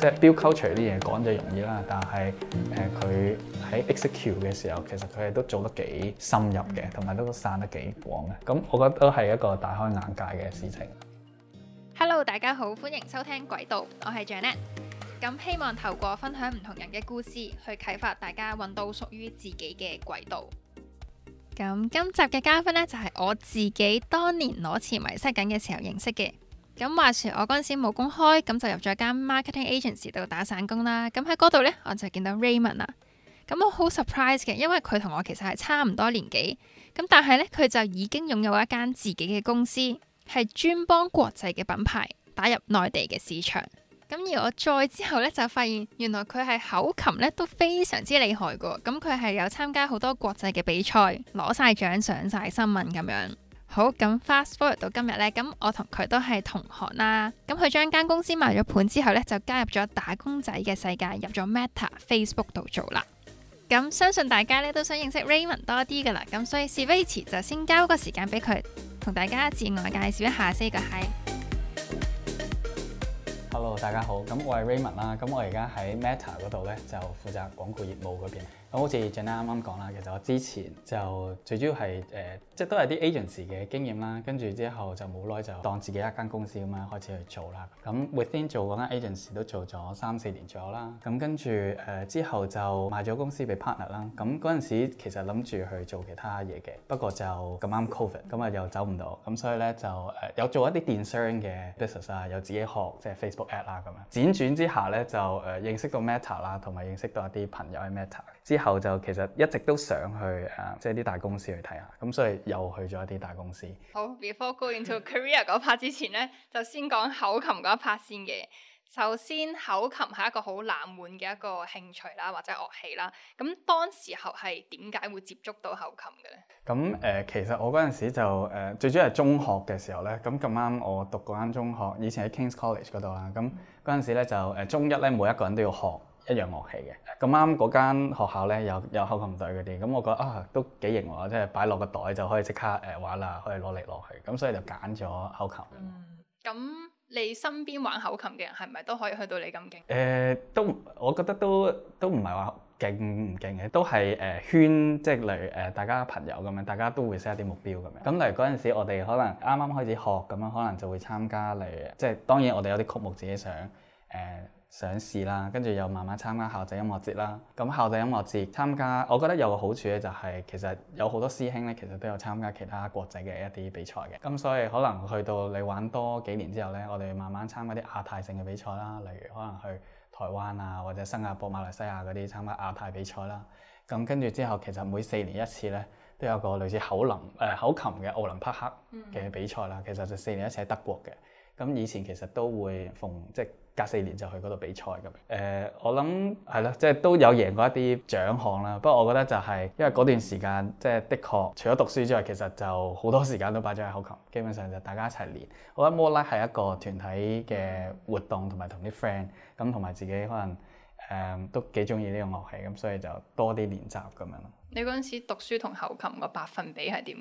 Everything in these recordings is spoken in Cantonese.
即係 build culture 啲嘢講就容易啦，但係誒佢喺 execute 嘅時候，其實佢哋都做得幾深入嘅，同埋都散得幾廣嘅。咁我覺得都係一個大開眼界嘅事情。Hello，大家好，歡迎收聽軌道，我係 Janet。咁希望透過分享唔同人嘅故事，去啟發大家揾到屬於自己嘅軌道。咁今集嘅嘉賓呢，就係、是、我自己當年攞錢迷失緊嘅時候認識嘅。咁話說時，我嗰陣時冇工開，咁就入咗間 marketing agency 度打散工啦。咁喺嗰度呢，我就見到 Raymond 啦。咁我好 surprise 嘅，因為佢同我其實係差唔多年紀。咁但係呢，佢就已經擁有一間自己嘅公司，係專幫國際嘅品牌打入內地嘅市場。咁而我再之後呢，就發現原來佢係口琴呢都非常之厲害嘅。咁佢係有參加好多國際嘅比賽，攞晒獎，上晒新聞咁樣。好，咁 fast forward 到今日呢，咁我同佢都係同學啦。咁佢將間公司賣咗盤之後呢，就加入咗打工仔嘅世界，入咗 Meta Facebook 度做啦。咁相信大家呢都想認識 Raymond 多啲噶啦。咁所以是 v e t 就先交個時間俾佢，同大家自我介紹一下先嘅係。Hello，大家好。咁我係 Raymond 啦。咁我而家喺 Meta 嗰度呢，就負責廣告業務嗰邊。咁、嗯、好似 Janet 啱啱講啦，其實我之前就最主要係誒、呃，即係都係啲 agency 嘅經驗啦。跟住之後就冇耐就當自己一間公司咁樣開始去做啦。咁 within 做嗰間 agency 都做咗三四年左右啦。咁跟住誒之後就賣咗公司俾 partner 啦。咁嗰陣時其實諗住去做其他嘢嘅，不過就咁啱 covid，咁啊又走唔到，咁所以咧就誒、呃、有做一啲電商嘅 business 啊，有自己學即係 Facebook Ad 啦。咁樣。輾轉之下咧就誒、呃、認識到 Meta 啦，同埋認識到一啲朋友喺 Meta。之後就其實一直都想去誒，即係啲大公司去睇下，咁所以又去咗一啲大公司。好，before going to career 嗰 part 之前咧， 就先講口琴嗰 part 先嘅。首先，口琴係一個好冷門嘅一個興趣啦，或者樂器啦。咁當時候係點解會接觸到口琴嘅咧？咁誒、呃，其實我嗰陣時就誒、呃，最主要係中學嘅時候咧。咁咁啱我讀嗰間中學，以前喺 King's College 嗰度啦。咁嗰陣時咧就誒、呃，中一咧每一個人都要學一樣樂器嘅，咁啱嗰間學校呢有有口琴隊嗰啲，咁我覺得啊都幾型喎，即係擺落個袋就可以即刻誒玩啦，可以攞嚟攞去，咁所以就揀咗口琴。咁、嗯、你身邊玩口琴嘅人係咪都可以去到你咁勁？誒、呃，都我覺得都都唔係話勁唔勁嘅，都係誒、呃、圈，即係例如誒大家朋友咁樣，大家都會 set 一啲目標咁樣。咁例如嗰陣時我哋可能啱啱開始學咁樣，可能就會參加嚟，即係當然我哋有啲曲目自己想誒。呃上市啦，跟住又慢慢參加校際音樂節啦。咁校際音樂節參加，我覺得有個好處咧、就係，就係其實有好多師兄咧，其實都有參加其他國際嘅一啲比賽嘅。咁所以可能去到你玩多幾年之後咧，我哋慢慢參加啲亞太性嘅比賽啦，例如可能去台灣啊，或者新加坡、馬來西亞嗰啲參加亞太比賽啦。咁跟住之後，其實每四年一次咧，都有個類似口林誒、呃、口琴嘅奧林匹克嘅比賽啦。嗯、其實就四年一次喺德國嘅。咁以前其實都會逢即隔四年就去嗰度比賽咁，誒、呃、我諗係咯，即係都有贏過一啲獎項啦。不過我覺得就係、是、因為嗰段時間，即係的確除咗讀書之外，其實就好多時間都擺咗喺口琴，基本上就大家一齊練。我覺得 more like 係一個團體嘅活動，同埋同啲 friend 咁，同埋自己可能誒、呃、都幾中意呢個樂器，咁所以就多啲練習咁樣。你嗰陣時讀書同口琴個百分比係點？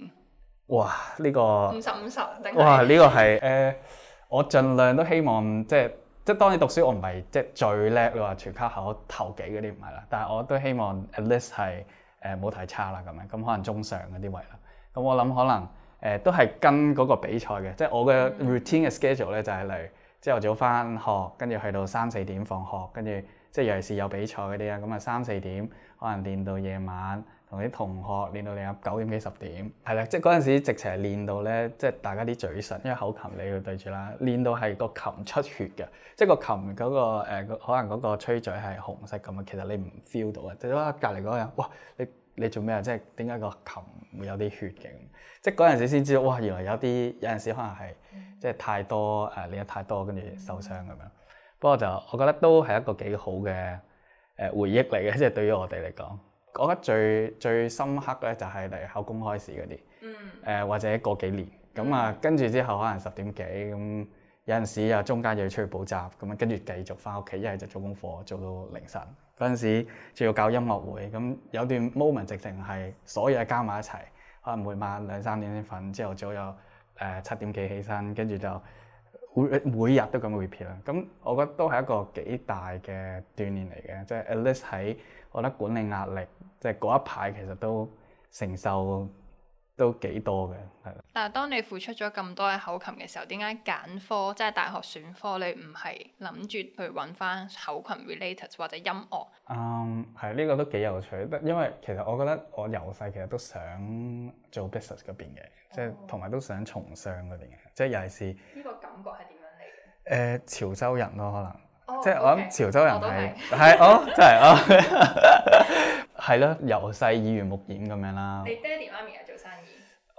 哇！呢、呢個五十五十哇！呢、呢個係誒、呃，我盡量都希望即係。即係當你讀書我，我唔係即係最叻咯，全級考頭幾嗰啲唔係啦。但係我都希望 at least 係誒冇太差啦，咁樣咁可能中上嗰啲位啦。咁我諗可能誒、呃、都係跟嗰個比賽嘅，即係我嘅 routine 嘅 schedule 咧就係、是、例如朝頭早翻學，跟住去到三四點放學，跟住即係尤其是有比賽嗰啲啊，咁啊三四點可能練到夜晚。同啲同學練到你晨九點幾十點，係啦，即係嗰陣時直情係練到咧，即係大家啲嘴唇，因為口琴你要對住啦，練到係個琴出血嘅，即係、個琴嗰個誒可能嗰個吹嘴係紅色咁啊，其實你唔 feel 到啊，就咁啊隔離嗰個人，哇！你你做咩啊？即係點解個琴會有啲血嘅？即係嗰陣時先知道，哇！原來有啲有陣時可能係即係太多誒、呃、練得太多，跟住受傷咁樣。不過就我覺得都係一個幾好嘅誒回憶嚟嘅，即係對於我哋嚟講。我覺得最最深刻咧，就係嚟考公開試嗰啲，誒、呃、或者過幾年，咁啊跟住之後可能十點幾，咁有陣時又中間又要出去補習，咁樣跟住繼續翻屋企，一係就做功課做到凌晨。嗰陣時仲要搞音樂會，咁有段 moment 直情係所有加埋一齊，可能每晚兩三點先瞓，之後早有誒、呃、七點幾起身，跟住就。每每日都咁 repeat 啦，咁我覺得都係一個幾大嘅鍛煉嚟嘅，即係 at least 喺我覺得管理壓力，即係嗰一排其實都承受。都幾多嘅，係啦。但係當你付出咗咁多嘅口琴嘅時候，點解揀科即係大學選科？你唔係諗住去揾翻口琴 related 或者音樂？嗯，係。呢個都幾有趣，因為其實我覺得我由細其實都想做 business 嗰邊嘅，即係同埋都想從商嗰邊嘅，即係尤其是。呢個感覺係點樣嚟？誒，潮州人咯，可能即係我諗潮州人係係哦，真係哦，係咯，由細耳濡目染咁樣啦。你爹哋媽咪？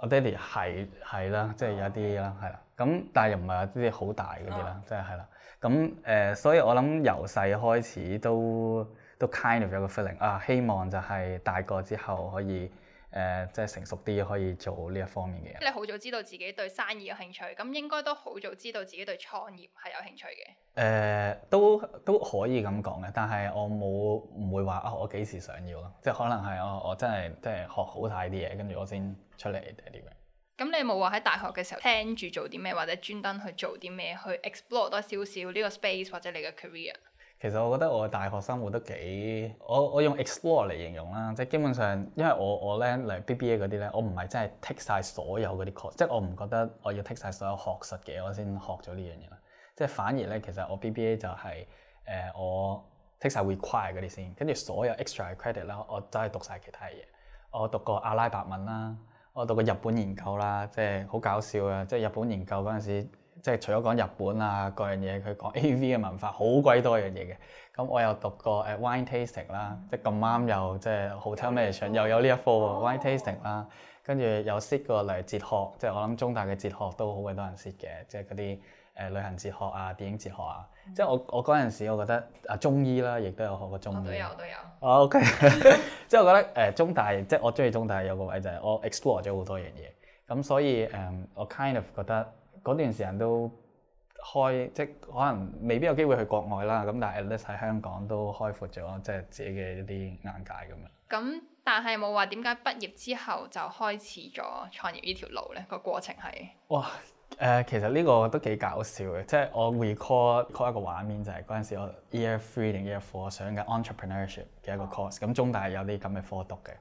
我爹哋係係啦，即係有啲啦，係啦、哦，咁但係又唔係話啲嘢好大嗰啲啦，即係係啦，咁、呃、所以我諗由細開始都都 kind of 有個 feeling 啊，希望就係大個之後可以。誒、呃，即係成熟啲可以做呢一方面嘅嘢。你好早知道自己對生意有興趣，咁應該都好早知道自己對創業係有興趣嘅。誒、呃，都都可以咁講嘅，但係我冇唔會話啊，我幾時想要咯，即係可能係我我真係即係學好晒啲嘢，跟住我先出嚟定係點樣。咁你冇話喺大學嘅時候聽住做啲咩，或者專登去做啲咩去 explore 多少少呢個 space 或者你嘅 career？其實我覺得我大學生活都幾，我我用 explore 嚟形容啦，即係基本上，因為我我咧嚟 BBA 嗰啲咧，我唔係真係 take 曬所有嗰啲 course 即係我唔覺得我要 take 曬所有學術嘅，我先學咗呢樣嘢啦。即係反而咧，其實我 BBA 就係、是、誒、呃、我 take 曬 require 嗰啲先，跟住所有 extra credit 啦，我真係讀晒其他嘢。我讀過阿拉伯文啦，我讀過日本研究啦，即係好搞笑嘅、啊，即係日本研究嗰陣時。即係除咗講日本啊各樣嘢，佢講 A.V. 嘅文化好鬼多樣嘢嘅。咁我又讀過誒 wine tasting 啦，即係咁啱又即係 hotel management 又有呢一科喎 wine tasting 啦。跟住有涉過嚟哲學，即係我諗中大嘅哲學都好鬼多人涉嘅，即係嗰啲誒旅行哲學啊、電影哲學啊。 即係我我嗰陣時，我覺得啊中醫啦，亦都有學過中醫。我都有都有。啊 OK，即係我覺得誒中大即係我中意中大有個位就係我 explore 咗好多樣嘢。咁所以誒、呃嗯，我 kind of 覺得，覺得。嗰段時間都開，即可能未必有機會去國外啦。咁但係 at least 喺香港都開闊咗，即係自己嘅一啲眼界咁樣。咁但係冇話點解畢業之後就開始咗創業呢條路咧？個過程係？哇！誒、呃，其實呢個都幾搞笑嘅，即係我 recall recall 一個畫面就係嗰陣時我 year three 定 year four 上嘅 entrepreneurship 嘅一個 course，咁中大有啲咁嘅科讀嘅。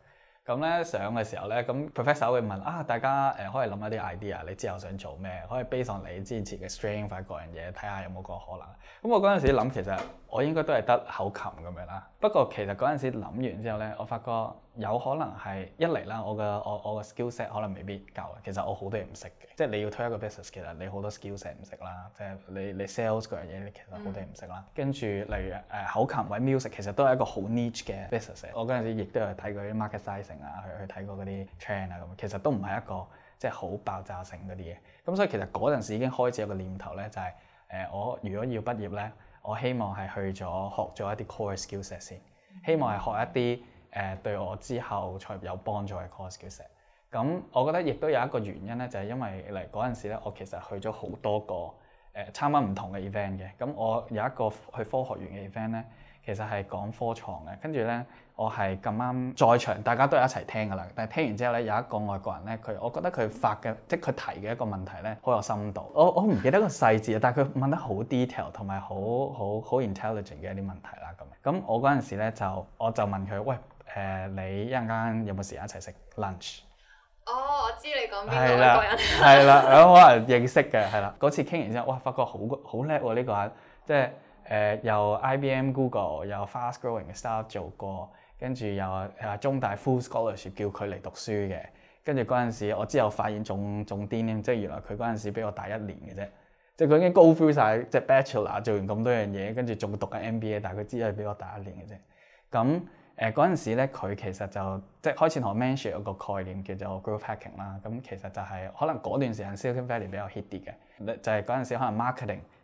咁咧上嘅時候咧，咁 professor 會問啊，大家誒可以諗一啲 idea 你之後想做咩？可以 base 上你之前嘅 strength 或者各樣嘢，睇下有冇個可能。咁我嗰陣時諗，其實我應該都係得口琴咁樣啦。不過其實嗰陣時諗完之後咧，我發覺有可能係一嚟啦，我嘅我我嘅 skill set 可能未必夠。其實我好多嘢唔識嘅，即係你要推一個 business，其實你好多 skill set 唔識啦。即係你你 sales 嗰樣嘢，你其實好多唔識啦。跟住、嗯、例如誒、呃、口琴或 music，其實都係一個好 niche 嘅 business。我嗰陣時亦都有睇過啲 market sizing 啊，去去睇過嗰啲 trend 啊咁，其實都唔係一個即係好爆炸性嗰啲嘢。咁所以其實嗰陣時已經開始有個念頭咧，就係、是、誒、呃、我如果要畢業咧。我希望係去咗學咗一啲 core skills 先，希望係學一啲誒、呃、對我之後才有幫助嘅 core skills et,、嗯。咁我覺得亦都有一個原因咧，就係、是、因為嚟嗰陣時咧，我其實去咗好多個誒、呃、參加唔同嘅 event 嘅。咁、嗯、我有一個去科學園嘅 event 咧。其實係講科創嘅，跟住咧，我係咁啱在場，大家都係一齊聽㗎啦。但係聽完之後咧，有一個外國人咧，佢我覺得佢發嘅，即係佢提嘅一個問題咧，好有深度。我我唔記得個細節啊，但係佢問得好 detail 同埋好好好 intelligent 嘅一啲問題啦。咁咁我嗰陣時咧就我就問佢，喂誒、呃，你一陣間有冇時間一齊食 lunch？哦，我知你講邊個外國人，係啦了，兩可能認識嘅，係啦。嗰次傾完之後，哇，發覺好好叻喎呢個，即係。誒，由 IBM、Google、由 fast-growing 嘅 startup 做過，跟住又話話中大 full scholarship 叫佢嚟讀書嘅，跟住嗰陣時我之後發現仲仲癲嘅，即係原來佢嗰陣時比我大一年嘅啫，即係佢已經高飛晒，即係 bachelor 做完咁多樣嘢，跟住仲讀緊 MBA，但係佢只係比我大一年嘅啫。咁誒嗰陣時咧，佢其實就即係開始同我 mention 有個概念叫做 growth hacking 啦。咁其實就係、是、可能嗰段時間 Silicon Valley 比較 hit 啲嘅，就係嗰陣時可能 marketing。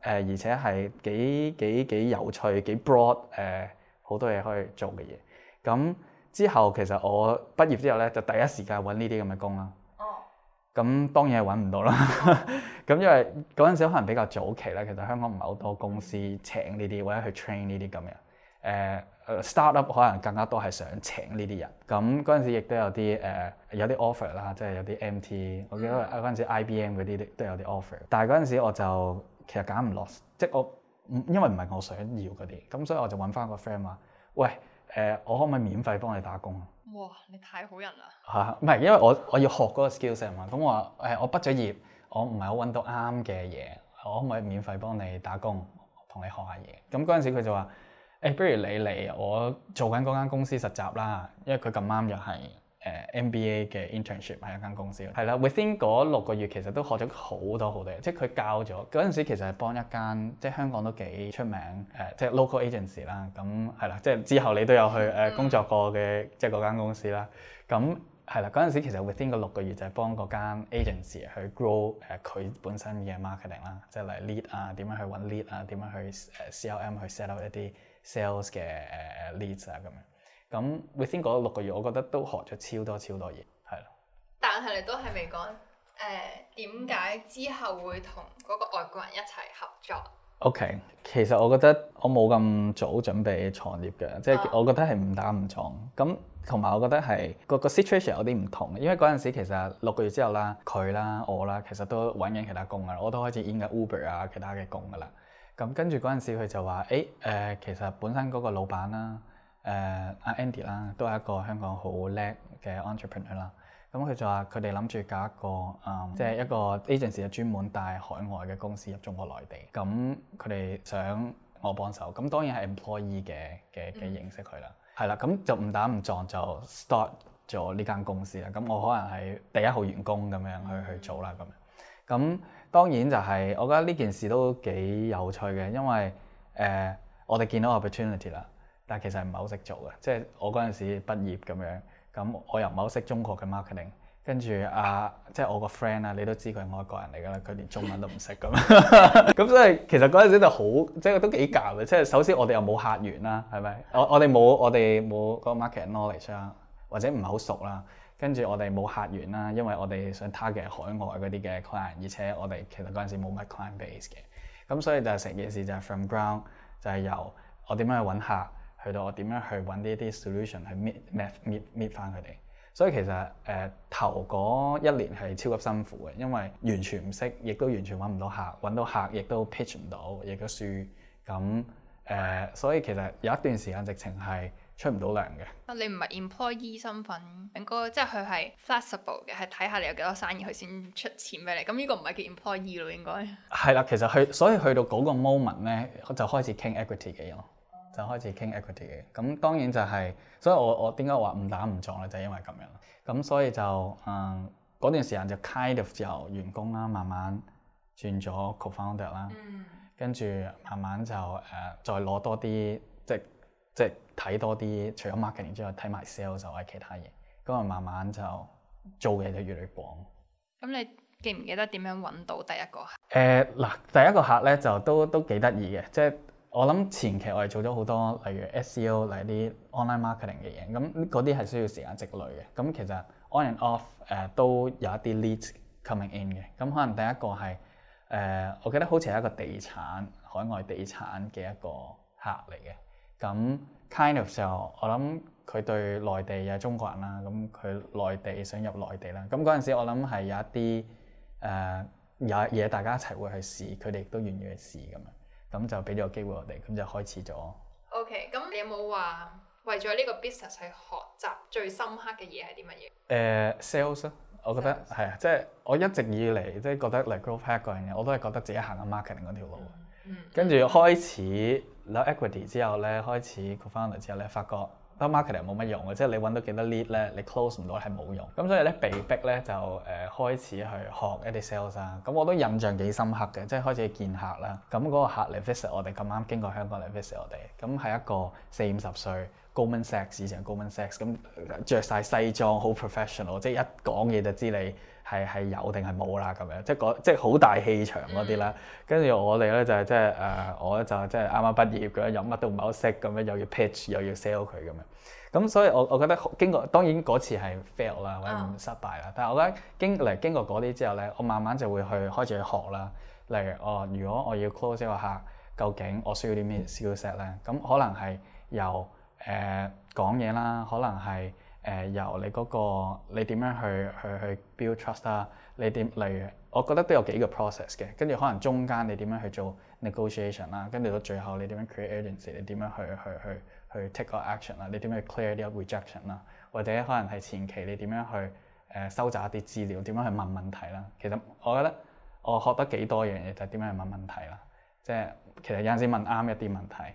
誒、呃，而且係幾幾幾有趣、幾 broad 誒、呃，好多嘢可以做嘅嘢。咁、嗯、之後其實我畢業之後咧，就第一時間揾呢啲咁嘅工啦。哦、oh. 嗯。咁當然係揾唔到啦。咁、 嗯、因為嗰陣時可能比較早期啦，其實香港唔係好多公司請呢啲或者去 train 呢啲咁嘅誒、呃、startup 可能更加多係想請呢啲人。咁嗰陣時亦都有啲誒、呃，有啲 offer 啦，即、就、係、是、有啲 MT 我記得嗰陣時 IBM 嗰啲都有啲 offer，但係嗰陣時我就。其實揀唔落，即係我唔因為唔係我想要嗰啲，咁所以我就揾翻個 friend 話，喂，誒我可唔可以免費幫你打工啊？哇！你太好人啦嚇，唔係因為我我要學嗰個 skills 啊嘛。咁我話誒我畢咗業，我唔係好揾到啱嘅嘢，我可唔可以免費幫你打工，同你學下嘢？咁嗰陣時佢就話，誒不如你嚟我做緊嗰間公司實習啦，因為佢咁啱又係。誒、uh, MBA 嘅 internship 喺一間公司，係啦，within 嗰六個月其實都學咗好多好多嘢，即係佢教咗嗰陣時其實係幫一間即係香港都幾出名誒，uh, 即係 local agency 啦，咁係啦，即係之後你都有去誒、uh, 工作過嘅、mm. 即係嗰間公司啦，咁係啦，嗰陣時其實 within 嗰六個月就係幫嗰間 agency 去 grow 誒、uh, 佢本身嘅 marketing 啦，即係例如 lead 啊，點樣去揾 lead 啊，點樣去誒、uh, CRM 去 set up 一啲 sales 嘅、uh, leads 啊咁樣。咁 within 嗰六個月，我覺得都學咗超多超多嘢，係啦。但係你都係未講，誒、點解之後會同嗰個外國人一齊合作？OK，其實我覺得我冇咁早準備創業嘅，即、就、係、是、我覺得係唔打唔撞。咁同埋我覺得係個、那個 situation 有啲唔同，因為嗰陣時其實六個月之後啦，佢啦我啦，其實都揾緊其他工噶，我都開始揾緊 Uber 啊其他嘅工噶啦。咁跟住嗰陣時佢就話：誒、欸、誒、呃，其實本身嗰個老闆啦。誒阿、uh, Andy 啦，都係一個香港好叻嘅 entrepreneur 啦。咁佢就話佢哋諗住搞一個誒，即、嗯、係、就是、一個 agency 專門帶海外嘅公司入中國內地。咁佢哋想我幫手，咁當然係 employee 嘅嘅嘅認識佢啦。係、嗯、啦，咁就唔打唔撞就 start 咗呢間公司啦。咁我可能係第一號員工咁樣去、嗯、去做啦。咁，咁當然就係我覺得呢件事都幾有趣嘅，因為誒、呃、我哋見到 opportunity 啦。但其實唔係好識做嘅，即係我嗰陣時畢業咁樣，咁我又唔係好識中國嘅 marketing，跟住啊，即係我個 friend 啊，你都知佢係外國人嚟㗎啦，佢連中文都唔識咁，咁所以其實嗰陣時就好，即係都幾夾嘅。即係首先我哋又冇客源啦，係咪？我我哋冇我哋冇個 market knowledge 啦，或者唔係好熟啦，跟住我哋冇客源啦，因為我哋想 target 海外嗰啲嘅 client，而且我哋其實嗰陣時冇乜 client base 嘅，咁所以就成件事就係 from ground，就係、是、由我點樣去揾客。去到我點樣去揾呢啲 solution 去搣咩搣搣翻佢哋，所以其實誒、呃、頭嗰一年係超級辛苦嘅，因為完全唔識，亦都完全揾唔到客，揾到客亦都 pitch 唔到，亦都輸。咁誒、呃，所以其實有一段時間直情係出唔到糧嘅。啊，看看你唔係 employee 身份，應該即係佢係 flexible 嘅，係睇下你有幾多生意，佢先出錢俾你。咁呢個唔係叫 employee 咯，應該。係啦，其實去所以去到嗰個 moment 咧，就開始傾 equity 嘅咯。就開始傾 equity 嘅，咁當然就係、是，所以我我點解話唔打唔撞咧，就係因為咁樣。咁所以就誒嗰、嗯、段時間就 kind of 由員工啦，慢慢轉咗 co-founder 啦，founder，嗯、跟住慢慢就誒、呃、再攞多啲，即即睇多啲，除咗 marketing 之外，睇埋 sale 就或其他嘢。咁啊，慢慢就做嘢就越嚟越廣。咁、嗯、你記唔記得點樣揾到第一個客？誒嗱、呃，第一個客咧就都都幾得意嘅，即係。我諗前期我哋做咗好多，例如 SEO、例如啲 online marketing 嘅嘢，咁嗰啲係需要時間積累嘅。咁其實 on and off 誒、呃、都有一啲 leads coming in 嘅。咁可能第一個係誒、呃，我記得好似係一個地產海外地產嘅一個客嚟嘅。咁 kind of 時候，我諗佢對內地嘅中國人啦，咁佢內地想入內地啦。咁嗰陣時我諗係有一啲誒、呃、有嘢大家一齊會去試，佢哋亦都願意去試咁樣。咁就俾咗個機會我哋，咁就開始咗。OK，咁你有冇話為咗呢個 business 去學習最深刻嘅嘢係啲乜嘢？誒、uh，sales，我覺得係啊，即係 Sales.、就是、我一直以嚟即都覺得嚟、like、growth hack 嗰樣嘢，我都係覺得自己行緊 marketing 嗰條路。Mm hmm. 跟住開始攞 equity 之後咧，開始佢翻嚟之後咧，發覺。得 marketing 冇乜用嘅，即係你揾到幾多 lead 咧，你 close 唔到係冇用。咁所以咧被逼咧就誒、呃、開始去學一啲 sales 啊。咁我都印象幾深刻嘅，即係開始去見客啦。咁嗰個客嚟 visit 我哋，咁啱經過香港嚟 visit 我哋，咁係一個四五十歲 Goldman Sachs，以前 Goldman Sachs，咁着晒西裝，好 professional，即係一講嘢就知你，係係有定係冇啦，咁樣即係即係好大氣場嗰啲啦。跟住我哋咧就係即係誒，我就即係啱啱畢業咁樣，又乜都唔係好識，咁樣又要 pitch 又要 sell 佢咁樣。咁所以我我覺得經過當然嗰次係 fail 啦，或者失敗啦。但係我覺得經嚟經過嗰啲之後咧，我慢慢就會去開始去學啦。例如，哦，如果我要 close 一個客，究竟我需要啲咩 sales 咧？咁可能係由誒、呃、講嘢啦，可能係。誒、呃、由你嗰、那個你點樣去去去 build trust 啦，你點，例如我覺得都有幾個 process 嘅，跟住可能中間你點樣去做 negotiation 啦，跟住到最後你點樣 create agency，你點樣去去去去 take action 啦，你點樣去 clear 啲 rejection 啦，或者可能係前期你點樣去誒、呃、收集一啲資料，點樣去問問題啦。其實我覺得我學得幾多樣嘢就係點樣去問問題啦，即係其實有陣時問啱一啲問題。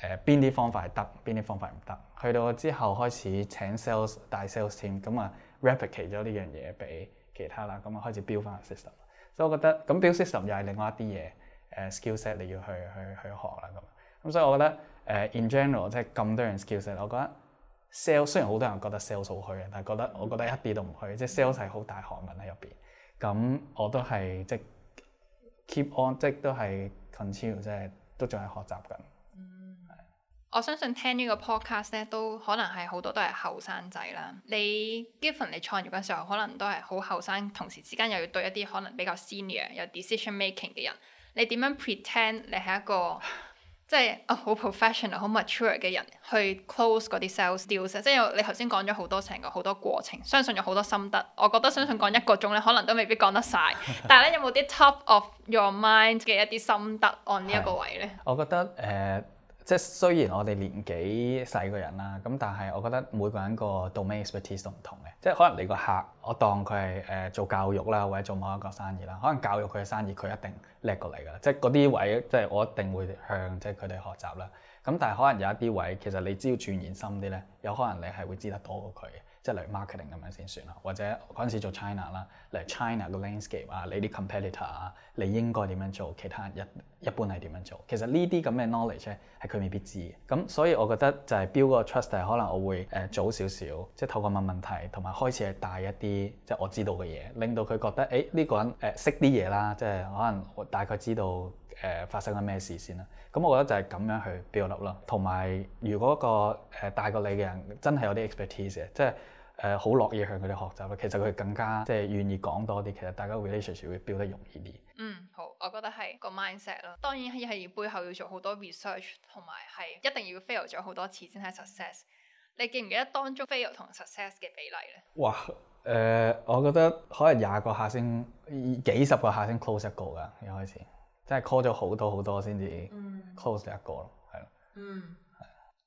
誒邊啲方法係得，邊啲方法唔得。去到之後開始請 sales 帶 sales team，咁啊 replicate 咗呢樣嘢俾其他啦。咁啊開始 build 翻個 system。所以我覺得咁 build system 又係另外一啲嘢誒、呃、skillset 你要去去去學啦。咁咁所以我覺得誒、呃、in general 即係咁多樣 skillset，我覺得 sales 雖然好多人覺得 sales 好虛嘅，但係覺得我覺得一啲都唔虛，即、就、係、是、sales 係好大學問喺入邊。咁我都係即、就是、keep on，即都係 continue，即係都仲係學習緊。我相信聽呢個 podcast 咧，都可能係好多都係後生仔啦。你 given 你創業嘅時候，可能都係好後生，同時之間又要對一啲可能比較 senior、有 decision making 嘅人，你點樣 pretend 你係一個即係啊好 professional、好 mature 嘅人去 close 嗰啲 sales deals？即係你頭先講咗好多成個好多過程，相信有好多心得。我覺得相信講一個鐘咧，可能都未必講得晒。 但係咧，有冇啲 top of your mind 嘅一啲心得按呢一個位呢，我覺得誒。呃即係雖然我哋年紀細個人啦，咁但係我覺得每個人個 domain expertise 都唔同嘅。即係可能你個客，我當佢係誒做教育啦，或者做某一個生意啦。可能教育佢嘅生意，佢一定叻過你㗎。即係嗰啲位，即係我一定會向即係佢哋學習啦。咁但係可能有一啲位，其實你只要鑽研深啲咧，有可能你係會知得多過佢嘅。即係例如 marketing 咁樣先算啦，或者嗰陣時做 China 啦，例如 China 個 landscape 啊，你啲 competitor 啊，你應該點樣做，其他人一一般係點樣做，其實呢啲咁嘅 knowledge 咧係佢未必知嘅，咁所以我覺得就係 build 個 trust 可能我會誒早少少，即係透過問問題同埋開始係帶一啲即係我知道嘅嘢，令到佢覺得誒呢、欸這個人誒識啲嘢啦，即係可能我大概知道。誒、呃、發生咗咩事先啦？咁、嗯、我覺得就係咁樣去 build up 啦。同埋，如果個誒、呃、大過你嘅人真係有啲 expertise 嘅，即係誒好樂意向佢哋學習啦。其實佢更加即係願意講多啲，其實大家 relationship 會 build 得容易啲。嗯，好，我覺得係個 mindset 咯。當然係，係背後要做好多 research，同埋係一定要 fail 咗好多次先係 success。你記唔記得當中 fail 同 success 嘅比例咧？哇！誒、呃，我覺得可能廿個下先，幾十個下先 close 一個噶，一開始。真係 call 咗好多好多先至嗯 close 一個咯，係咯。嗯，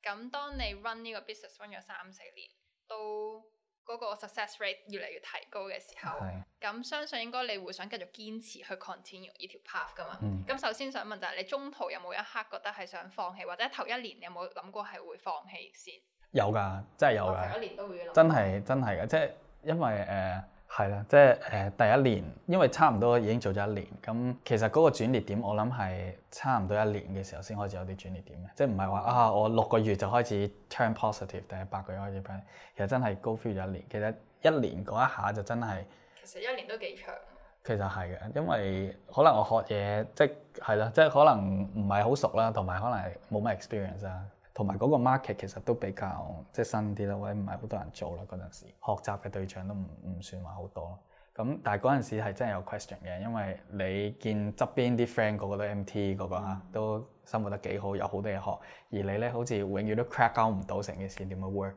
咁的當你 run 呢個 business run 咗三四年，到嗰個 success rate 越嚟越提高嘅時候，咁的相信應該你會想繼續堅持去 continue 呢條 path 噶嘛。咁、嗯、首先想問就係、是、你中途有冇一刻覺得係想放棄，或者頭一年你有冇諗過係會放棄先？有㗎，真係有㗎。頭、哦、一年都會諗。真係真係嘅，即係因為誒。呃係啦，即係誒、呃、第一年，因為差唔多已經做咗一年，咁其實嗰個轉捩點我諗係差唔多一年嘅時候先開始有啲轉捩點嘅，即係唔係話啊我六個月就開始 turn positive，定係八個月開始 turn positive，其實真係 go through 咗一年。其實一年嗰一下就真係，其實一年都幾長。其實係嘅，因為可能我學嘢即係係啦，即係可能唔係好熟啦，同埋可能冇乜 experience 啊。同埋嗰個 market 其實都比較即係新啲啦，或者唔係好多人做啦嗰陣時，學習嘅對象都唔唔算話好多。咁但係嗰陣時係真係有 question 嘅，因為你見側邊啲 friend 個個都 MT，個個、嗯、啊、都生活得幾好，有好多嘢學，而你咧好似永遠都 crack out 唔到成件事點會 work。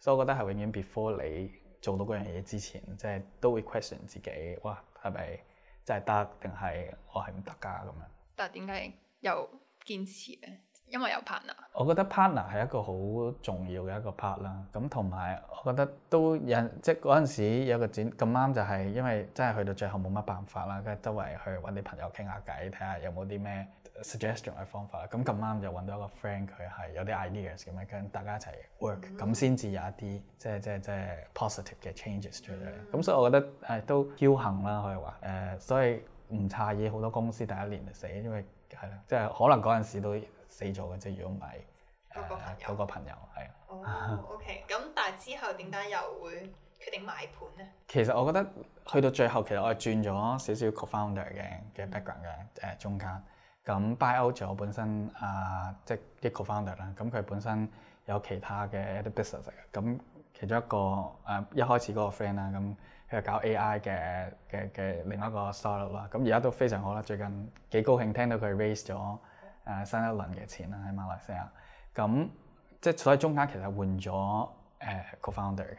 所以我覺得係永遠 before 你做到嗰樣嘢之前，即係都會 question 自己，哇係咪真係得定係我係唔得㗎咁樣？但係點解又堅持咧？因為有 partner，我覺得 partner 係一個好重要嘅一個 part 啦。咁同埋我覺得都有，即係嗰陣時有個展咁啱就係，因為真係去到最後冇乜辦法啦，跟住周圍去揾啲朋友傾下偈，睇下有冇啲咩 suggestion 嘅方法。咁咁啱就揾到一個 friend，佢係有啲 ideas 咁樣，跟大家一齊 work，咁先至有一啲即係即係即係 positive 嘅 changes 出嚟。咁、嗯、所以我覺得誒都僥幸啦，可以話誒。所以唔差嘢好多公司第一年就死，因為係啦，即係可能嗰陣時都。死咗嘅啫，如果唔係有個朋友，嗰、呃嗰個朋友係。哦，OK，咁但係之後點解又會決定買盤咧？其實我覺得去到最後，其實我係轉咗少少 co-founder 嘅嘅 background 嘅誒中間。咁、嗯嗯、buyout 咗本身啊，即、呃、係啲、就是、co-founder 啦。咁佢本身有其他嘅一啲 business、嗯。咁其中一個誒、呃，一開始嗰個 friend 啦，咁佢係搞 AI 嘅嘅嘅另一個 startup 啦。咁而家都非常好啦，最近幾高興聽到佢 raise 咗，誒新一輪嘅錢啦，喺馬來西亞，咁即係所以中間其實換咗誒 co-founder 嘅，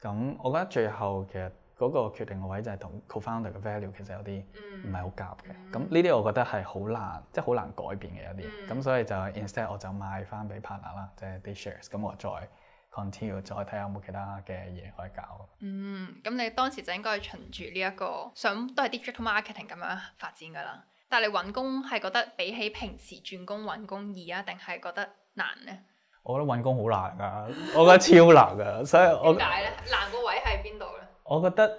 咁、呃 er、我覺得最後其實嗰個決定嘅位就係同 co-founder 嘅 value 其實有啲唔係好夾嘅，咁呢啲我覺得係好難，即係好難改變嘅一啲，咁、嗯、所以就 instead 我就賣翻俾 partner 啦，即係 these shares，咁我再 continue 再睇下有冇其他嘅嘢可以搞。嗯，咁你當時就應該係循住呢、這、一個想都係 digital marketing 咁樣發展㗎啦。但你揾工係覺得比起平時轉工揾工易啊，定係覺得難咧？我覺得揾工好難噶， 我覺得超難噶，所以我點解咧？難個位係邊度咧？我覺得誒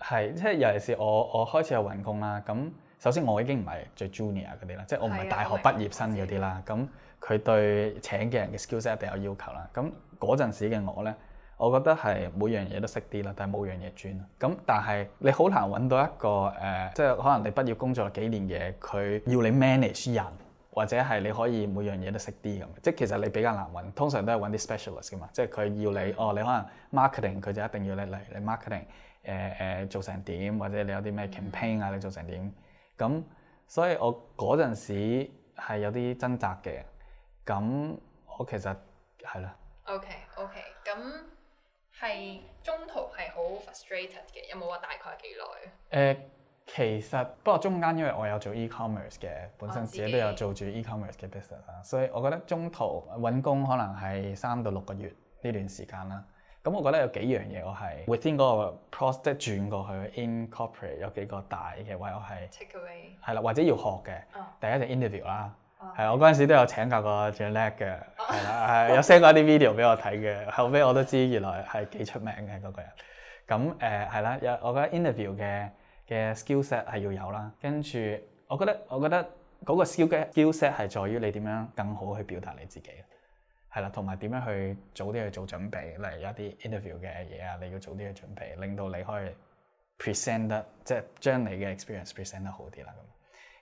係、呃，即係尤其是我我開始有揾工啦。咁首先我已經唔係最 junior 嗰啲啦，即係我唔係大學畢業生嗰啲啦。咁佢對請嘅人嘅 skills 一定要有要求啦。咁嗰陣時嘅我咧。我覺得係每樣嘢都識啲啦，但係冇樣嘢專。咁但係你好難揾到一個誒、呃，即係可能你畢業工作幾年嘅，佢要你 manage 人，或者係你可以每樣嘢都識啲咁。即係其實你比較難揾，通常都係揾啲 specialist 噶嘛。即係佢要你哦，你可能 marketing 佢就一定要你嚟你 marketing，誒、呃、誒、呃、做成點，或者你有啲咩 campaign 啊你做成點。咁所以我嗰陣時係有啲掙扎嘅。咁我其實係啦。OK OK 咁。Okay, okay, 係中途係好 frustrated 嘅，有冇話大概幾耐？誒，其實不過中間因為我有做 e-commerce 嘅，本身自己都有做住 e-commerce 嘅 business 啊，bus iness, 所以我覺得中途揾工可能係三到六個月呢段時間啦。咁我覺得有幾樣嘢我係 within 嗰個 project 轉過去 in corporate 有幾個大嘅，或者係 take away 係啦，或者要學嘅。第一就 interview 啦。係，我嗰陣時都有請教過最叻嘅，係啦，係有 send 過一啲 video 俾我睇嘅。後尾我都知原來係幾出名嘅嗰個人。咁誒係啦，有、呃、我覺得 interview 嘅嘅 skillset 係要有啦。跟住我覺得我覺得嗰個 skill 嘅 skillset 係在於你點樣更好去表達你自己嘅，係啦，同埋點樣去早啲去做準備，例如一啲 interview 嘅嘢啊，你要早啲去準備，令到你可以 present 得，即係將你嘅 experience present 得好啲啦。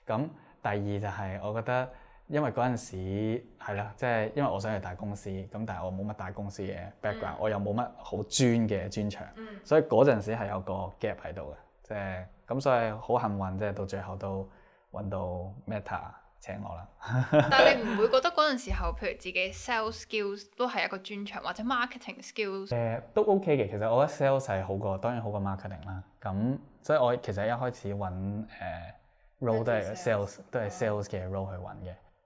咁咁第二就係我覺得。因為嗰陣時係啦，即係因為我想去大公司，咁但係我冇乜大公司嘅 background、嗯、我又冇乜好專嘅專長，嗯、所以嗰陣時係有個 gap 喺度嘅，即係咁所以好幸運，即係到最後都揾到 Meta 請我啦。 但係你唔會覺得嗰陣時候，譬如自己 sales skills 都係一個專長，或者 marketing skills？誒、嗯，都 OK 嘅。其實我覺得 sales 係好過，當然好過 marketing 啦。咁所以我其實一開始揾、呃、role 都係 sales，都係 sales 嘅 role 去揾嘅。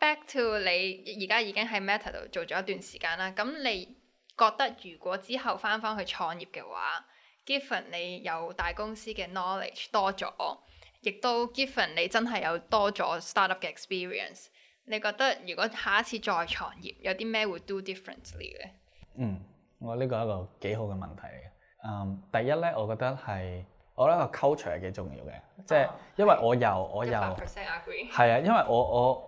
Back to 你而家已經喺 Meta 度做咗一段時間啦，咁你覺得如果之後翻翻去創業嘅話，given 你有大公司嘅 knowledge 多咗，亦都 given 你真係有多咗 startup 嘅 experience，你覺得如果下一次再創業，有啲咩會 do differently 嘅？嗯，我呢個係一個幾好嘅問題嚟嘅。嗯，第一咧，我覺得係我覺得個 culture 係幾重要嘅，即係、啊、因為我有對我有係啊，因為我我。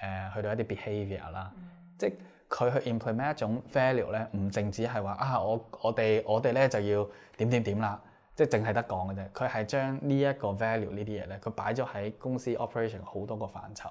誒去到一啲 behavior 啦，即係佢去 implement 一種 value 咧，唔淨止係話啊，我我哋我哋咧就要點點點啦，即係淨係得講嘅啫。佢係將呢一個 value 呢啲嘢咧，佢擺咗喺公司 operation 好多個範疇。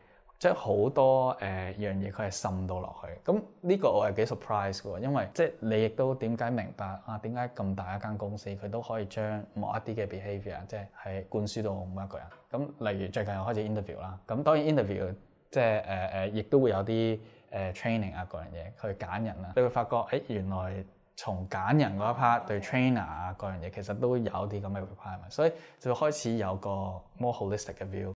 即係好多誒樣嘢，佢係滲到落去。咁呢個我係幾 surprise 嘅，因為即係你亦都點解明白啊？點解咁大一間公司佢都可以將某一啲嘅 behavior 即係係灌輸到每一個人？咁例如最近又開始 interview 啦，咁當然 interview 即係誒誒亦都會有啲誒、呃、training 啊各樣嘢去揀人啦。你會發覺誒、欸、原來從揀人嗰一 part 對 trainer 啊各樣嘢，其實都有啲咁嘅 requirement，所以就開始有個 more holistic 嘅 view。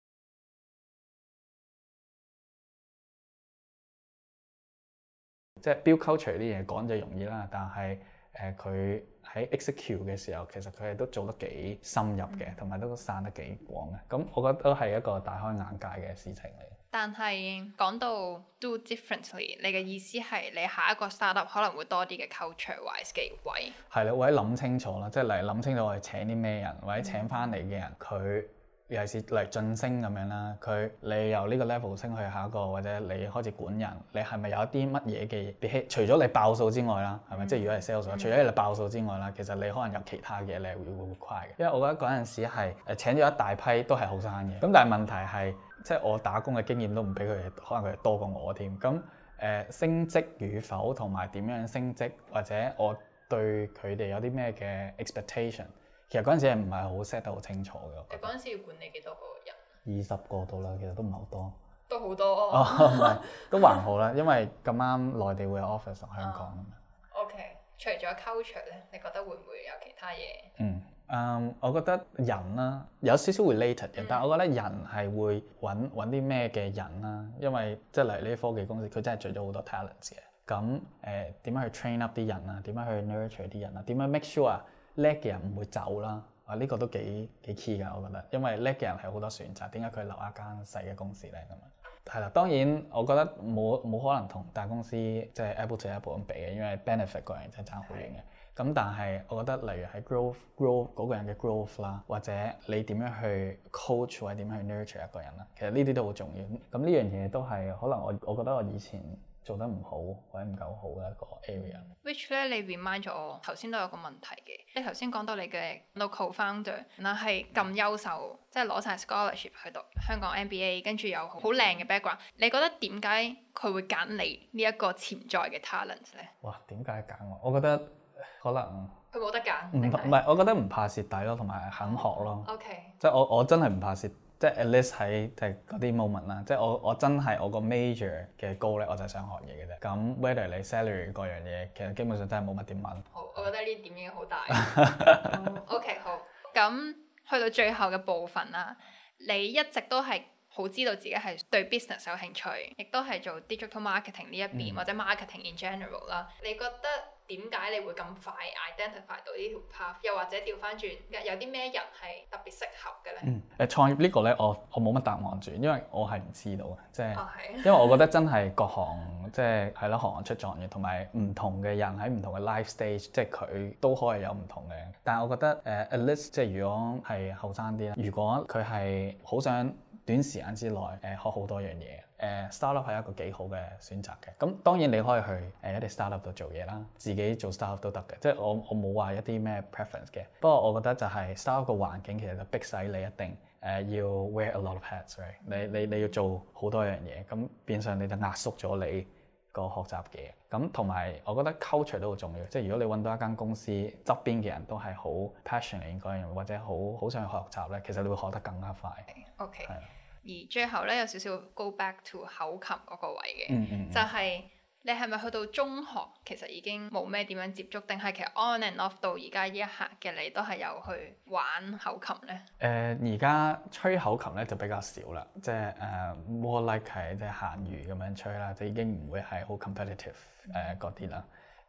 即係 build culture 啲嘢講就容易啦，但係誒佢、呃、喺 execute 嘅時候，其實佢係都做得幾深入嘅，同埋、嗯、都散得幾廣嘅。咁我覺得都係一個大開眼界嘅事情嚟。但係講到 do differently，你嘅意思係你下一個 startup 可能會多啲嘅 culture wise 嘅位？係啦，我喺諗清楚啦，即係嚟諗清楚我哋請啲咩人，或者請翻嚟嘅人佢。嗯尤其是嚟晉升咁樣啦，佢你由呢個 level 升去下一個，或者你開始管人，你係咪有一啲乜嘢嘅？比除咗你爆數之外啦，係咪？嗯、即係如果係 sales，除咗你爆數之外啦，其實你可能有其他嘢你會會會快嘅。因為我覺得嗰陣時係誒、呃、請咗一大批都係後生嘅，咁但係問題係即係我打工嘅經驗都唔比佢哋可能佢哋多過我添。咁誒、呃、升職與否同埋點樣升職，或者我對佢哋有啲咩嘅 expectation？其實嗰陣時係唔係好 set 得好清楚嘅。誒，嗰陣時要管理幾多個人？二十個度啦，其實都唔係好多。都好很多。 oh, 都還好啦，因為咁啱內地會有 office 喺、oh. 香港。吖嘛。O K，除咗 culture 咧，你覺得會唔會有其他嘢？嗯，嗯、um,，我覺得人啦、啊，有少少會 related 嘅，但係我覺得人係會揾揾啲咩嘅人啦、啊，因為即係嚟呢啲科技公司，佢真係聚咗好多 talent 嘅。咁誒，點、呃、樣去 train up 啲人啊？點樣去 nurture 啲人啊？點樣 make sure？叻嘅人唔會走啦，啊呢個都幾幾 key 㗎，我覺得，因為叻嘅人係好多選擇，點解佢留一間細嘅公司咧咁樣？係啦，當然我覺得冇冇可能同大公司即係 Apple to Apple 咁比嘅，因為 benefit 個人真係爭好遠嘅。咁但係我覺得例如喺 growth growth 嗰個人嘅 growth 啦，或者你點樣去 coach 或者點樣去 nurture 一個人啦，其實呢啲都好重要。咁呢樣嘢都係可能我我覺得我以前做得唔好或者唔夠好嘅一個 area。Which 咧，你 remind 咗我頭先都有個問題嘅。你頭先講到你嘅 local founder，原來係咁優秀，即係攞晒 scholarship 去讀香港 MBA，跟住有好靚嘅 background。你覺得點解佢會揀你呢一個潛在嘅 talent 咧？哇！點解揀我？我覺得可能佢冇得揀。唔唔係，我覺得唔怕蝕底咯，同埋肯學咯。OK，即係我我真係唔怕蝕。即係 at least 喺係嗰啲 moment 啦，即係我我真係我個 major 嘅 goal 咧，我就係想學嘢嘅啫。咁 whether 你 salary 嗰樣嘢，其實基本上都係冇乜點問。好，我覺得呢點已經好大。 oh, OK，好。咁去到最後嘅部分啦，你一直都係好知道自己係對 business 有興趣，亦都係做 digital marketing 呢一邊、嗯、或者 marketing in general 啦。你覺得？點解你會咁快 identify 到呢條 path？又或者調翻轉，有啲咩人係特別適合嘅咧？嗯，誒創業呢個咧，我我冇乜答案住，因為我係唔知道嘅，即係，哦，係呀，因為我覺得真係各行即係係咯，行行出狀元，同埋唔同嘅人喺唔同嘅 life stage，即係佢都可以有唔同嘅。但係我覺得誒，at least 即係如果係後生啲啦，如果佢係好想短時間之內誒學好多樣嘢。誒、uh, start，startup 係一個幾好嘅選擇嘅。咁當然你可以去誒一啲 startup 度做嘢啦，自己做 startup 都得嘅。即係我我冇話一啲咩 preference 嘅。不過我覺得就係 startup 個環境其實就逼使你一定誒要 wear a lot of hats，你你你要做好多樣嘢，咁變相你就壓縮咗你個學習嘅。咁同埋我覺得 culture 都好重要。即係如果你揾到一間公司側邊嘅人都係好 passionate 嘅應該，或者好好想去學習咧，其實你會學得更加快。OK。係。而最後咧，有少少 go back to 口琴嗰個位嘅，嗯嗯就係、是、你係咪去到中學其實已經冇咩點樣接觸，定係其實 on and off 到而家呢一刻嘅你都係有去玩口琴咧？誒、呃，而家吹口琴咧就比較少啦，即係誒、uh, more like 係即係閒餘咁樣吹啦，就已經唔會係好 competitive 誒嗰啲啦。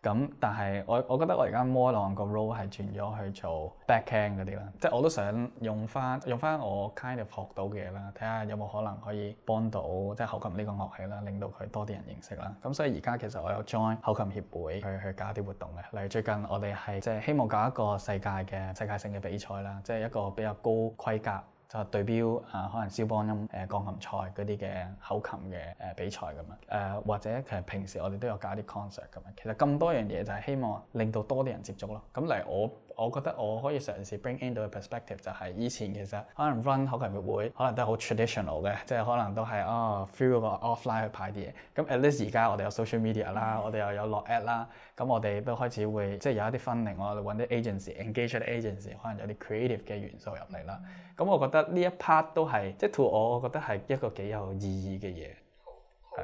咁，但係我我覺得我而家摩浪個 role 係轉咗去做 backhand 嗰啲啦，即係我都想用翻用翻我 kind of 學到嘅嘢啦，睇下有冇可能可以幫到即係口琴呢個樂器啦，令到佢多啲人認識啦。咁、嗯、所以而家其實我有 join 口琴協會去去、去搞啲活動嘅。例如最近我哋係即係希望搞一個世界嘅世界性嘅比賽啦，即係一個比較高規格。就對標啊，可能肖邦音、誒、呃、鋼琴賽嗰啲嘅口琴嘅誒比賽噉樣，誒、呃、或者其實平時我哋都有搞啲 concert 噉樣，其實咁多樣嘢就係希望令到多啲人接觸咯。咁例如我。我覺得我可以嘗試 bring in 到嘅 perspective 就係以前其實可能 run 口琴協會可能都係好 traditional 嘅，即係可能都係啊 feel 個 offline 去排啲嘢。咁 at least 而家我哋有 social media 啦，嗯、我哋又有落 ad 啦，咁我哋都開始會即係有一啲分離我揾啲 agency，engage 啲 agency，可能有啲 creative 嘅元素入嚟啦。咁、嗯、我覺得呢一 part 都係即係 to 我，我覺得係一個幾有意義嘅嘢。好，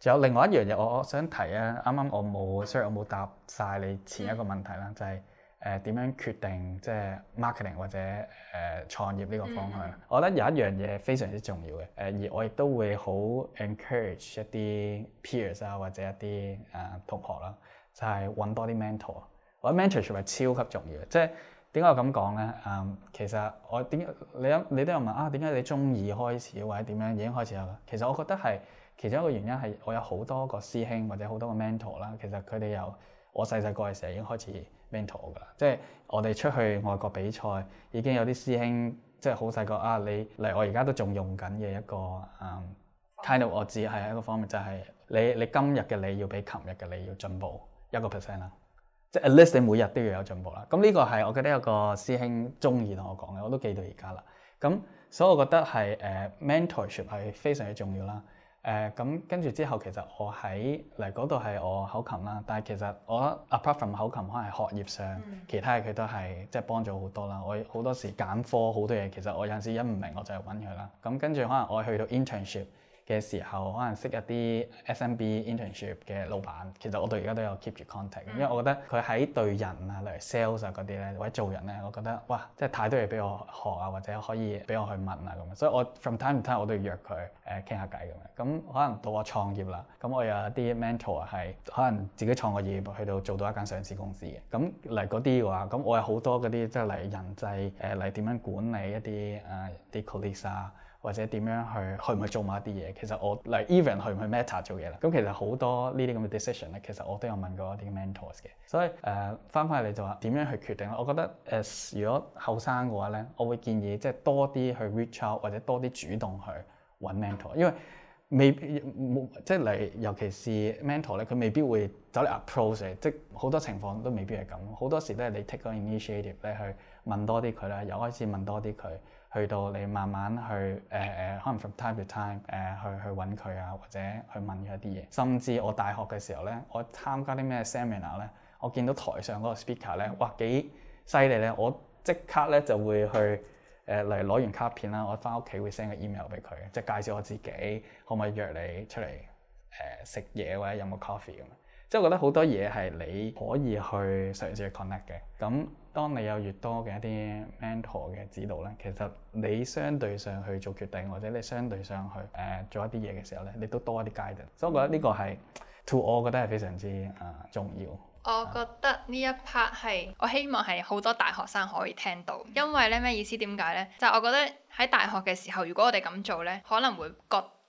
仲、嗯、有另外一樣嘢，我想提啊。啱啱我冇、嗯、sorry，我冇答晒你前一個問題啦，就係、是。誒點、呃、樣決定即係 marketing 或者誒、呃、創業呢個方向？Mm hmm. 我覺得有一樣嘢非常之重要嘅。誒、呃、而我亦都會好 encourage 一啲 peers 啊或者一啲誒、呃、同學啦，就係、是、揾多啲 mentor。揾 mentor 係超級重要嘅。即係點解我咁講咧？嗯，其實我點你你都有問啊？點解你中二開始或者點樣已經開始啦？其實我覺得係其中一個原因係我有好多個師兄或者好多個 mentor 啦。其實佢哋由，我細細個嘅時候已經開始。Mentor 㗎，即係我哋出去外國比賽，已經有啲師兄即係好細個啊！你嚟我而家都仲用緊嘅一個誒、嗯、kind of words 係一個方面，就係、是、你你今日嘅你要比琴日嘅你要進步一個 percent 啦，即係 at least 你每日都要有進步啦。咁呢個係我記得有個師兄中意同我講嘅，我都記到而家啦。咁所以我覺得係誒、呃、Mentorship 係非常之重要啦。誒咁、呃、跟住之後，其實我喺嚟嗰度係我口琴啦，但係其實我 Apart from 口琴可能係學業上，嗯、其他嘢佢都係即係幫咗好多啦。我好多時揀科好多嘢，其實我有陣時一唔明，我就係揾佢啦。咁跟住可能我去到 internship 嘅時候，可能識一啲 SMB internship 嘅老闆，其實我到而家都有 keep 住 contact，因為我覺得佢喺對人啊，例如 sales 啊嗰啲咧，或者做人咧，我覺得哇，即係太多嘢俾我學啊，或者可以俾我去問啊咁樣，所以我 from time to time 我都要約佢誒傾下偈咁樣。咁、嗯、可能到我創業啦，咁、嗯、我有啲 mentor 係可能自己創個業去到做到一間上市公司嘅，咁嚟嗰啲嘅話，咁、嗯、我有好多嗰啲即係嚟人際誒嚟點樣管理一啲誒啲 colleagues 啊。或者點樣去去唔去做某一啲嘢，其實我嚟 even 去唔去 Meta 做嘢啦，咁其實好多呢啲咁嘅 decision 咧，其實, decision, 其實我都有問過啲 mentors 嘅，所以誒翻返嚟就話點樣去決定？我覺得誒、呃、如果後生嘅話咧，我會建議即係多啲去 reach out 或者多啲主動去揾 mentor，因為未必即係嚟尤其是 mentor 咧，佢未必會走嚟 approach 即好多情況都未必係咁，好多時咧你 take 個 initiative 咧去問多啲佢啦，又開始問多啲佢。去到你慢慢去誒誒、呃，可能 from time to time 誒、呃、去去揾佢啊，或者去問佢一啲嘢。甚至我大學嘅時候咧，我參加啲咩 seminar 咧，我見到台上嗰個 speaker 咧，哇幾犀利咧，我即刻咧就會去誒嚟攞完卡片啦，我返屋企會 send 個 email 俾佢，即係介紹我自己，可唔可以約你出嚟誒食嘢或者飲個 coffee 咁。即係我覺得好多嘢係你可以去嘗試去 connect 嘅。咁當你有越多嘅一啲 mentor 嘅指導咧，其實你相對上去做決定，或者你相對上去誒、呃、做一啲嘢嘅時候咧，你都多一啲 guidance。所以我覺得呢個係 to all, 我覺得係非常之啊重要。啊、我覺得呢一 part 係我希望係好多大學生可以聽到，因為咧咩意思？點解咧？就是、我覺得喺大學嘅時候，如果我哋咁做咧，可能會覺。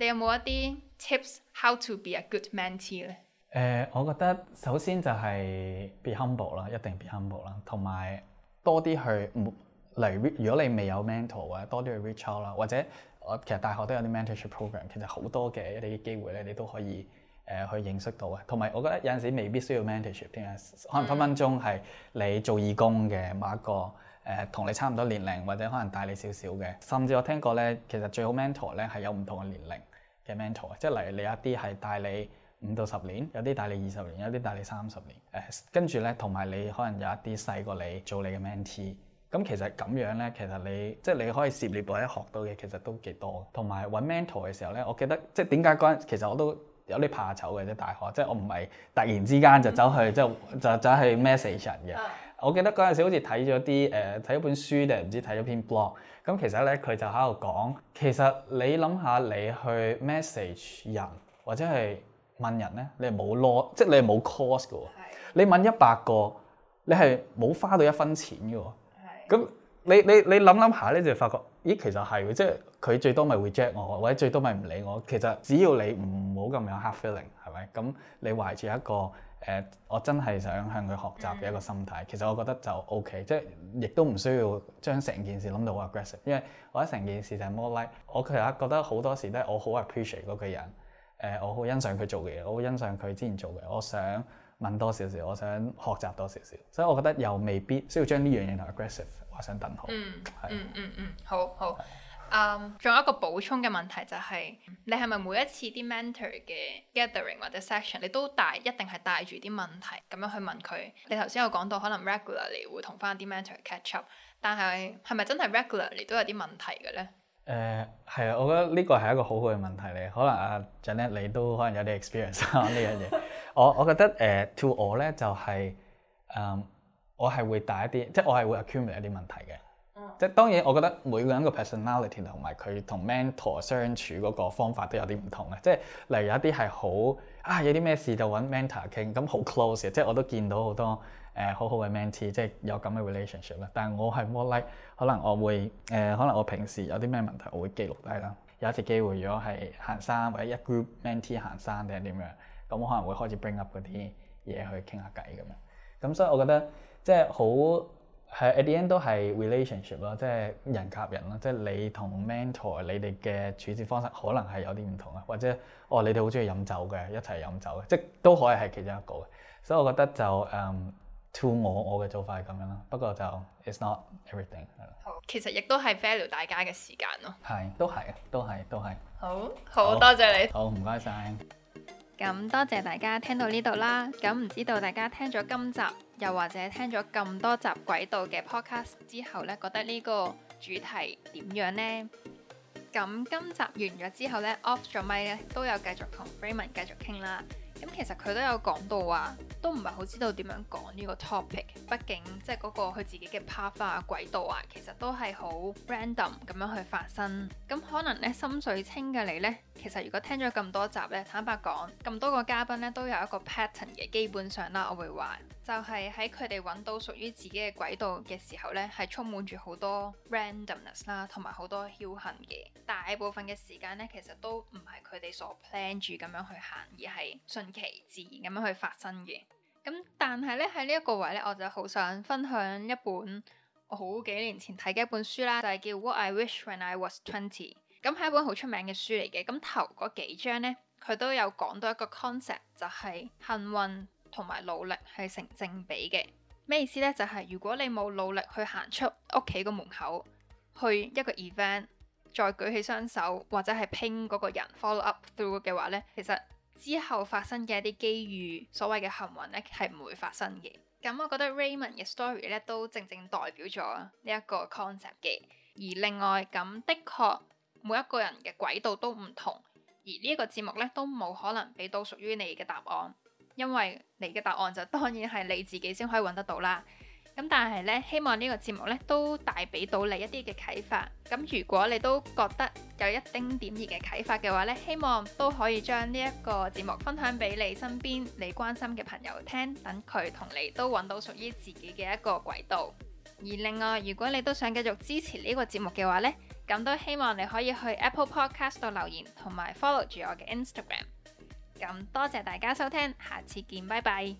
你有冇一啲 tips how to be a good mentor 咧？誒、呃，我覺得首先就係 be humble 啦，一定 be humble 啦。同埋多啲去嚟，如果你未有 mentor 或者多啲去 reach out 啦。或者我其實大學都有啲 mentorship program，其實好多嘅一啲機會咧，你都可以誒、呃、去認識到嘅。同埋我覺得有陣時未必需要 mentorship 添，可能分分鐘係你做義工嘅某一個誒，同、呃、你差唔多年齡或者可能大你少少嘅。甚至我聽過咧，其實最好 mentor 咧係有唔同嘅年齡。mentor 啊，即係例如你一啲係帶你五到十年，有啲帶你二十年，有啲帶你三十年。誒，跟住咧，同埋你可能有一啲細過你做你嘅 mentor。咁其實咁樣咧，其實你即係你可以涉獵或者學到嘅其實都幾多。同埋揾 mentor 嘅時候咧，我記得即係點解嗰陣其實我都有啲怕醜嘅啫，大學即係我唔係突然之間就走去即係就走去 message 人嘅。啊、我記得嗰陣時好似睇咗啲誒睇咗本書定唔知睇咗篇 blog。咁其實咧，佢就喺度講，其實你諗下，你去 message 人或者係問人咧，你係冇 no，即係你係冇 cost 嘅喎。你問一百個，你係冇花到一分錢嘅喎。咁你你你諗諗下咧，就發覺咦，其實係，即係佢最多咪會 reject 我，或者最多咪唔理我。其實只要你唔好咁樣 hard feeling，係咪？咁你懷住一個。誒，uh，我真係想向佢學習嘅一個心態，嗯、其實我覺得就 O、OK, K，即係亦都唔需要將成件事諗到好 aggressive，因為我覺得成件事就係 more like，我其實覺得好多時都係我好 appreciate 嗰個人，誒、呃，我好欣賞佢做嘅嘢，我好欣賞佢之前做嘅，我想問多少少，我想學習多少少，所以我覺得又未必需要將呢樣嘢同 aggressive 畫上等號。嗯是嗯嗯嗯，好好。嗯，仲、um, 有一個補充嘅問題就係、是，你係咪每一次啲 mentor 嘅 gathering 或者 section，你都帶一定係帶住啲問題咁樣去問佢？你頭先有講到可能 regularly 會同返啲 mentor catch up，但係係咪真係 regularly 都有啲問題嘅咧？誒、呃，係啊，我覺得呢個係一個好好嘅問題嚟。可能阿 Janet, 你都可能有啲 experience 呢樣嘢。我我覺得誒、uh,，to 我、就是 um, 我咧就係，嗯，我係會帶一啲，即係我係會 accumulate 一啲問題嘅。即係當然，我覺得每個人個 personality 同埋佢同 mentor 相處嗰個方法都有啲唔同嘅。即係例如有一啲係好啊，有啲咩事就揾 mentor 傾，咁好 close 嘅。即係我都見到好多誒、呃、好好嘅 mentee，即係有咁嘅 relationship 啦。但係我係 more like，可能我會誒、呃，可能我平時有啲咩問題，我會記錄低啦。有一次機會，如果係行山或者一 group mentee 行山定係點樣，咁我可能會開始 bring up 嗰啲嘢去傾下偈咁樣。咁所以我覺得即係好。係，at the end 都係 relationship 咯，即係人夾人咯，即係你同 mentor 你哋嘅處置方式可能係有啲唔同啊，或者哦你哋好鍾意飲酒嘅，一齊飲酒嘅，即都可以係其中一個嘅。所以我覺得就誒，um，to 我我嘅做法係咁樣啦。不過就 it's not everything 係咯。好，其實亦都係 value 大家嘅時間咯。係，都係，都係，都係。好，好多謝你。好，唔該晒。咁多謝大家聽到呢度啦。咁唔知道大家聽咗今集，又或者聽咗咁多集軌道嘅 podcast 之後呢，覺得呢個主題點樣呢？咁今集完咗之後呢 off 咗咪呢，都有繼續同 Raymond 繼續傾啦。咁其實佢都有講到話，都唔係好知道點樣講呢個 topic。畢竟即係嗰個佢自己嘅 path 啊、軌道啊，其實都係好 random 咁樣去發生。咁可能呢，心水清嘅你呢，其實如果聽咗咁多集呢，坦白講，咁多個嘉賓呢，都有一個 pattern 嘅。基本上啦，我會話就係喺佢哋揾到屬於自己嘅軌道嘅時候呢，係充滿住好多 randomness 啦，同埋好多僥倖嘅。大部分嘅時間呢，其實都唔係佢哋所 plan 住咁樣去行，而係.其自然咁樣去發生嘅，咁但係呢，喺呢一個位呢，我就好想分享一本我好幾年前睇嘅一本書啦，就係叫《What I Wish When I Was Twenty》。咁係一本好出名嘅書嚟嘅，咁頭嗰幾章呢，佢都有講到一個 concept，就係幸運同埋努力係成正比嘅。咩意思呢？就係如果你冇努力去行出屋企個門口，去一個 event，再舉起雙手或者係拼嗰個人 follow up through 嘅話呢，其實，之後發生嘅一啲機遇，所謂嘅幸運咧，係唔會發生嘅。咁我覺得 Raymond 嘅 story 咧，都正正代表咗呢一個 concept 嘅。而另外咁，的確每一個人嘅軌道都唔同，而呢一個節目咧，都冇可能俾到屬於你嘅答案，因為你嘅答案就當然係你自己先可以揾得到啦。咁但係咧，希望個節呢個節目咧都帶俾到你一啲嘅啟發。咁如果你都覺得有一丁點兒嘅啟發嘅話咧，希望都可以將呢一個節目分享俾你身邊你關心嘅朋友聽，等佢同你都揾到屬於自己嘅一個軌道。而另外，如果你都想繼續支持個節呢個節目嘅話咧，咁都希望你可以去 Apple Podcast 度留言，同埋 follow 住我嘅 Instagram。咁多謝大家收聽，下次見，拜拜。